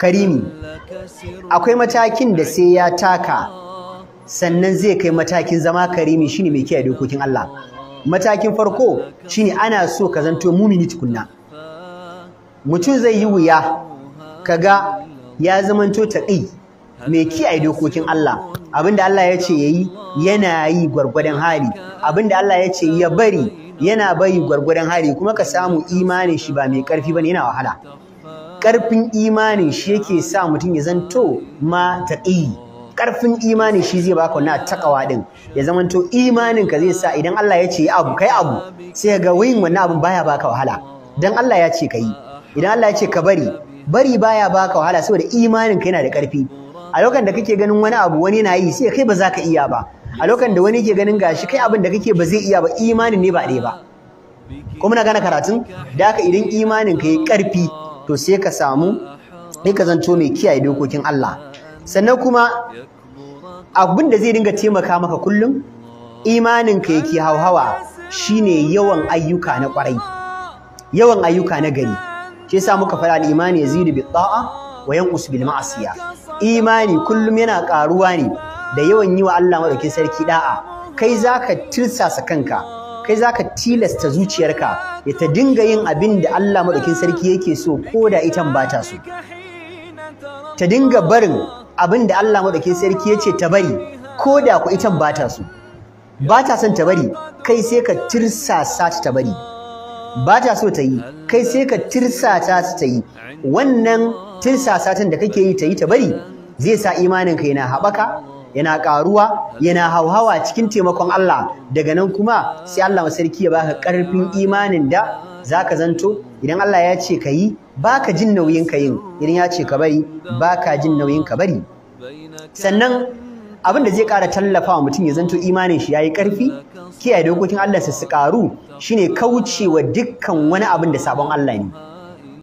karimi akwai matakin da sai ya taka sannan zai kai matakin zama karimi shine mai kiyaye dokokin Allah matakin farko shine ana so ka zanto mumini tukunna mutum zai yi wuya kaga ya zamanto taqi mai kiyaye dokokin Allah abinda Allah ya ce yayi yana yi gwargwadon hali abinda Allah ya ce ya bari yana bai gwargwadon hari kuma ka samu imanin shi ba mai ƙarfi ba ne yana wahala ƙarfin imani shi yake sa mutum ya zanto ma ƙarfin imani shi zai baka wannan takawa din ya zamanto imanin ka zai sa idan Allah ya ce abu kai abu sai ga wayin wannan abun baya baka wahala dan Allah ya ce kai idan Allah ya ce ka bari bari baya baka wahala saboda imanin ka yana da ƙarfi a lokacin da kake ganin wani abu wani yana yi sai kai ba za ka iya ba a lokacin da wani ke ganin gashi kai abin da kake ba zai iya ba imanin ne ba ɗaya ba kuma na gane karatun da haka idan imanin ka yi ƙarfi to sai ka samu sai ka zanto mai kiyaye dokokin Allah sannan kuma abin da zai dinga taimaka maka kullum imanin ka yake hauhawa shine yawan ayyuka na kwarai yawan ayyuka na gari shi yasa muka fara imani yazidu bi ta'a wa yanqus bil ma'asiya imani kullum yana karuwa ne da yawan yi wa Allah madaukin sarki da'a kai zaka tirsasa kanka kai za ka tilasta zuciyarka ya ta dinga yin abin da Allah maɗaukin sarki yake so ko da itan ba ta so ta dinga barin abin da Allah maɗaukin sarki ya ce ta bari ko da ku itan ba ta so ba ta son ta bari kai sai ka tirsasa ta bari ba ta so ta yi kai sai ka tirsasa ta yi wannan tirsasa da kake yi ta yi ta bari zai sa imanin kai na haɓaka yana karuwa yana hauhawa cikin taimakon Allah daga nan kuma sai Allah sarki ya baka karfin imanin da zaka zanto idan Allah ya ce ka yi baka jin nauyin ka yin idan ya ce ka bari baka jin nauyin ka bari sannan abin da zai ƙara tallafa wa mutum ya zanto imanin shi ya yi karfi kiyaye dokokin Allah su karu shine kaucewa dukkan wani abin da sabon Allah ne